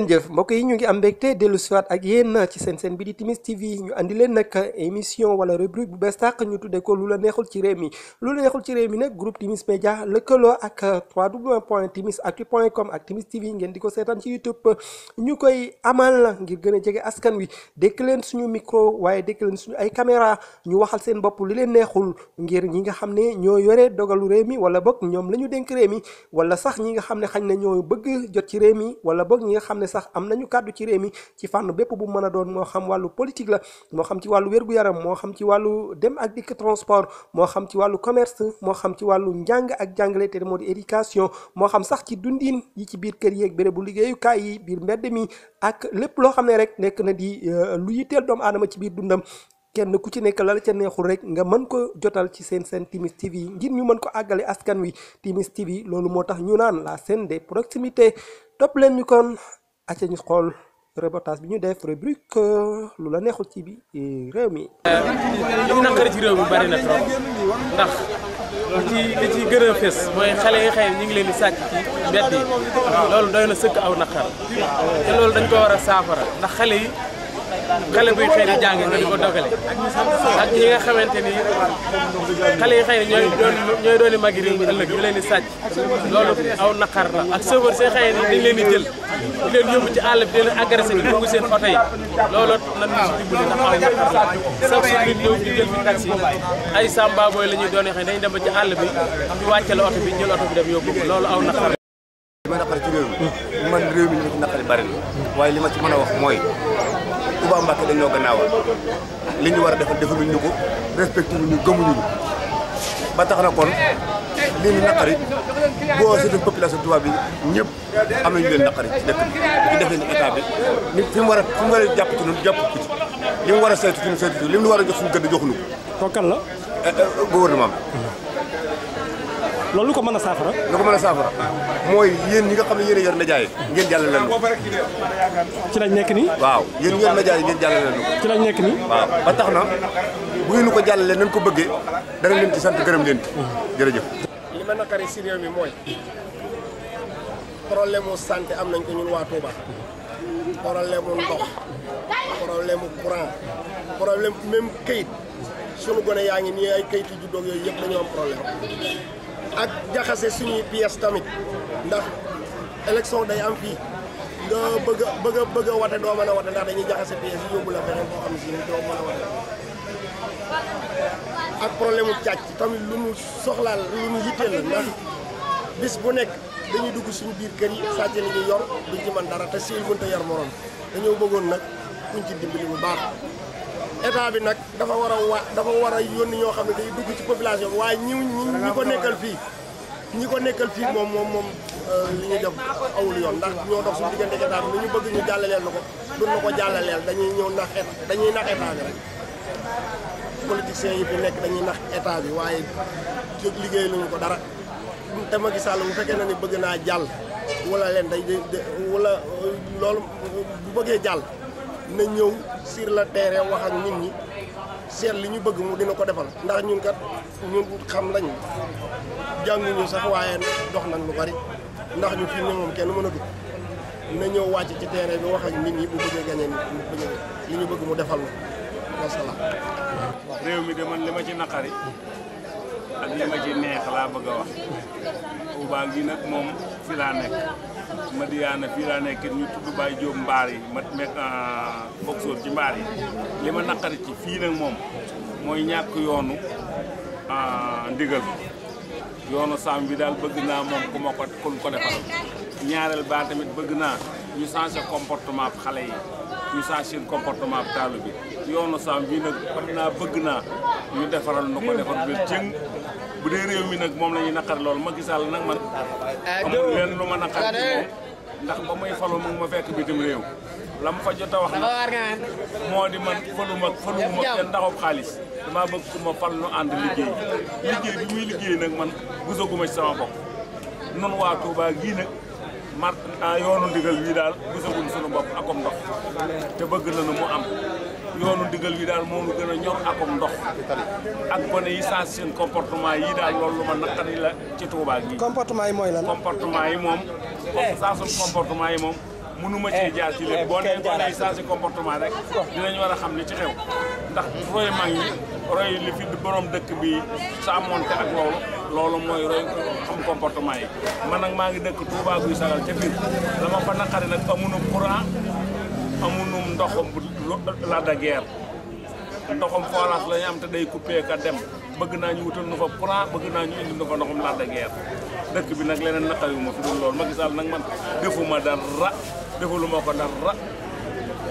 ngeen jëf mbokk yi ñu ngi am mbégte dellu siwaat ak yéen ci seen seen bi di Timis TV ñu andi leen nag émission wala rubrique bu bees tàq ñu tuddee ko lu la neexul ci réew mi lu la neexul ci réew mi nag Timis Media lëkkaloo ak www.timisactu.com ak Timis TV ngeen di ko seetaan ci YouTube ñu koy amal ngir gën a jege askan wi dégg leen suñu micro waaye dégg leen suñu ay caméra ñu waxal seen bopp li leen neexul ngir ñi nga xam ne ñoo yore dogalu réew mi wala boog ñoom la ñu dénk réew mi wala sax ñi nga ne sax am nañu kàddu ci réew mi ci fànn bépp bu mën a doon moo xam wàllu politique la moo xam ci wàllu wér-gu-yaram moo xam ci wàllu dem ak dikk transport moo xam ci wàllu commerce moo xam ci wàllu njàng ak jàngale te moo di éducation moo xam sax ci dundin yi ci biir kër yi ak bu liggéeyukaay yi biir mbedd mi ak lépp loo xam ne rek nekk na di euh, lu yitteel doomu aadama ci biir dundam kenn ku ci nekk lal ca neexul rek nga mën ko jotal ci seen seen Timis ngir ñu mën ko àggale askan wi Timis TV loolu moo tax ñu naan la scène acca ñu xool reportage bi ñu def rubrique lu la neexul ci bi réew mi. li mu naqari ci réew mi bari na trop ndax li ci li ci gën a fës mooy xale yi xëy ñu ngi leen di sàcc ci mbedd yi loolu doy na sëkk aw naqar te loolu dañ ko war a saafara ndax xale yi. xale buy xëy di jàng nga di ko dogale ak ñi nga xamante ni xale yi xëy na ñooy doon ñooy doon magi réew mi ëllëg leen di sàcc loolu aw naqar la ak chauffeur seen xëy na dañ leen di jël i leen yóbbu ci àll bi di leen agressé di dugg seen oto yi loolu ay samba booy la ñuy doon xëy dañ dem ba ci àll bi ñu wàcce la oto bi jël oto bi dem yóbbu loolu aw naqar li ma naqari ci réew mi man réew mi li naqari bari na waaye li ma ci man a wax mooy Touba Mbacke dañoo gannaawal li ñu war a defal defaluñ ñu ko respecté ñu gëmuñu ñu ba tax na kon lii ñu naqari boo surtout population Touba bi ñëpp am nañu leen naqari ci dëkk bi ci defee ni état bi ni fi mu war a fi mu war a jàpp ci ñun jàpp ko ci li war a saytu ci ñun li mu war a jox suñu gëdd joxuñu ko. la. Eh, eh, gouvernement bi. Hmm. loolu lu ko mën a saafara lu ko saafara mooy yéen ñi nga xam ne yéen a yor média yi ngeen jàllale leen ci lañ nekk nii waaw yéen ñi yor média yi ngeen jàllale leen ci lañ nekk nii waaw ba tax na bu ngeen ko jàllale nañ ko bëggee danañ leen ci sant gërëm leen ci mhm. jërëjëf li ma nakari si réew mi mooy problème mu santé am nañ ko ñun waa Touba problème mu ndox problème mu courant problème même sunu gone yaa ngi nii ay kayit ju juddoo yooyu yëpp dañoo am problème ak jaxase suñuy pièces tamit ndax élection day am fii nga bëgg a bëgg a bëgg a wate doo mën a wate ndax dañuy jaxase pièces yi yóbbu la feneen boo si ni doo mën a wate ak problème càcc tamit lu mu soxlaal lu mu yitteel la ndax bis bu nekk dañuy dugg suñu biir kër yi sàcc la ñuy yor duñ ci mën dara te si mënta yor morom dañoo bëggoon nag kuñ ci dimbali bu baax état bi nag dafa war a wa dafa war a yónni ñoo xam ne day dugg ci population bi waaye ñi ñi ko nekkal fii ñi ko nekkal fii moom moom moom euh, li ñu def awul yoon ndax ñoo dox suñu diggante état bi lu ñu bëgg ñu jàllaleel na ko duñ ko jàllaleel dañuy ñëw nax dañuy nax état yi fi nekk dañuy nax état bi waaye liggéey luñu ko dara te Macky Sall bu fekkee na ni bëgg naa jàll wala leen day wala euh, loolu bu bëggee jàll na ñëw sur le terrain wax ak nit ñi seet li ñu bëgg mu dina ko defal ndax ñun kat ñun xam lañu jànguñu sax waaye dox nañ lu bari ndax ñu fi ne moom kenn mën a dugg na ñëw wàcc ci terrain bi wax ak nit ñi bu bëggee gañee nit ñu bëgg mu defal na wasalaam réew mi de man li ma ci naqari ak li ma ci neex laa bëgg wax Touba gi nag moom fi laa nekk Madiana fii laa nekk ñu tudd Baye Diop mbaar yi ma met boxeur ci mbaar yi li ma naqari ci fii nag moom mooy ñàkk yoonu ah, ndigal yoonu saam bi daal bëgg naa moom ku ma ko ku ko ñaareel baa tamit bëgg naa ñu changer comportement xale yi ñu saa seen comportement bu taalu bi yoonu saam bii nag man naa bëgg naa ñu defaral nu ko defar bi jëng bu dee réew mi nag moom la ñuy naqar loolu ma gisaal nag man amul leen lu ma naqar ci moom ndax ba muy falu mu ma fekk bitim réew la mu fa jot a wax nag moo di man faluma faluma kenn ndaxub xaalis damaa bëgg su ma fal nu ànd liggéey liggéey bi muy liggéey nag man gisaguma ci sama bopp noonu waa Touba gii mar ah, yoonu ndigal wi daal gisaguñ sunu bopp akom ndox te bëgg na nañu mu am yoonu ndigal wi daal moom nu gën a ñor akom ndox ak gone yi saa seen comportement yi daal loolu lu ma naqari la ci Touba gi comportement yi mooy lan comportement yi moom eh. saa comportement yi moom mënuma ci eh, jaar ci lépp eh, boo nee boo nee changé comportement rek dinañ war a xam li ci xew ndax roy mag ñi roy li fi borom dëkk bi sàmmonte ak loolu loolu mooy roy xam comportement yi man nag maa ngi dëkk Touba guy sagal ca biir dama fa naqari nag amunum courant amunum ndoxum la da guerre ndoxum forage la am te day coupé ka dem bëgg naa ñu wutal nu fa courant bëgg naa ñu indi nu fa ndoxum la da guerre dëkk bi nag leneen naqariwuma fi dul loolu ma gisaal nag man defuma dara defalu ma ko dara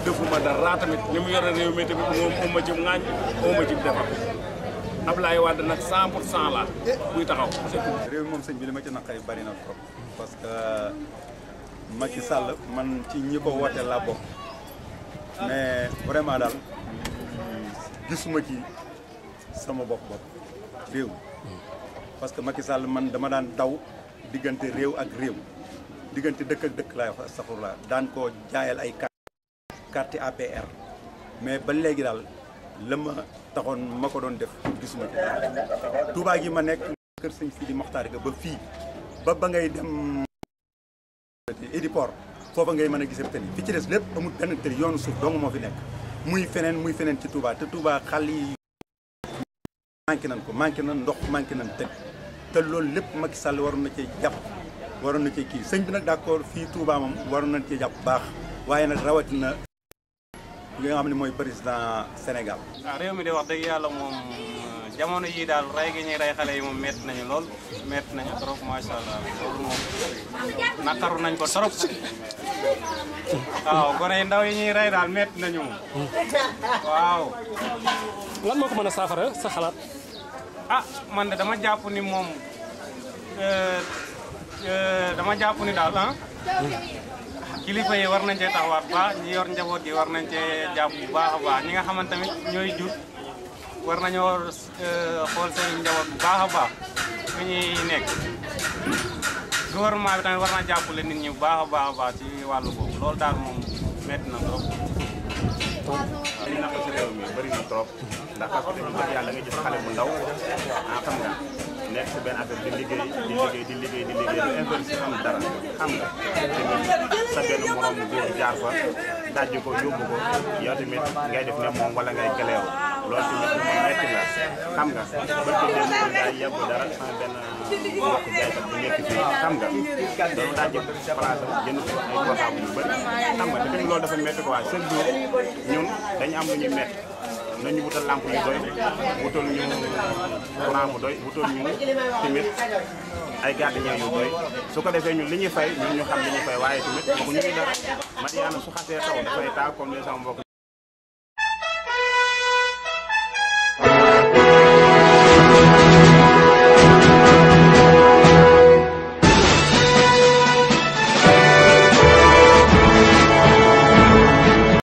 defuma dara tamit li mu yore réew mi tamit moom ma ci ŋaañ moom ma ci defar Ablaye Wade nag 100 pour cent la buy taxaw. réew mi sëñ bi li ma ci naqari bari na trop parce que Macky Sall man ci ñi ko woote laa bokk mais vraiment daal gisuma ci sama bopp bopp réew parce que Macky Sall man dama daan daw diggante réew ak réew. diggante dëkk ak dëkk laay wax astafurlah daan ko jaayal ay carte APR mais ba léegi daal la ma taxoon ma ko doon def gisuma ci daal gi ma nekk kër sëñ di Moxtaar ga ba fii ba ba ngay dem Ediport foofa ngay mën a gisee tëli fi ci des lépp amul benn tëli yoonu suuf dong moo fi nekk muy feneen muy feneen ci Touba te Touba xal yi manqué nan ko manqué nan ndox manqué nan tëli te loolu lépp mag Sall waroon na cee jàpp waroon na ci ki señ bi nak d'accord fi Touba mom waroon nañ ci japp bax waye nak rawati na nga xamni moy mooy président Sénégal. Ah, réew mi di wax dëgg yalla mom jamono yi dal ray gi ñi ray xalé yi mom met nañu lool met nañu trop ma sha allah loolu moom naqaru nañ ko trop. waaw gore ndaw yi ñi ray dal met nañu waaw. lan moko mëna safara sa xalaat. ah man de dama japp ni moom. Euh, Eh, dama jàpp ni daal ah. kilifa yi war nañ cee taxawaat baax ñi yor njaboot yi war nañ cee jàpp bu baax a baax ñi nga xamante tamit ñooy jur war nañoo eh, xool seen njaboot baax a baax fi ñuy nekk gouvernement bi tamit war na jàppale nit ñi bu baax a baax a baax ci wàllu boobu loolu daal moom métti na trop. li naqal si réew mi bëri na trop ndax parce que dañu jot yàlla nga gis xale bu ndaw a ah, xam nga nekk si benn affaire di liggéey di liggéey di liggéey di liggéey du am dara xam nga sa benn morom góor jaar fa dajji ko yóbbu ko yow tamit ngay def ne moom wala ngay gëleew loolu tamit mu nekk la xam nga barke dem daa yàggu dara sama benn mbokk béykat bu nekk fii xam nga loolu daa jël place am jënd ko ay waxaabu yu bëri xam nga tamit loolu dafa métti quoi chaque jour ñun dañu am lu ñuy nañu wutal lamp yu doy wutal ñu courant bu doy wutal ñu tamit ay gardien yu doy su ko defee ñu li ñuy fay ñun ñu xam li ñuy fay waaye tamit bu ñu su xasee taw dafay taa comme ni mbokk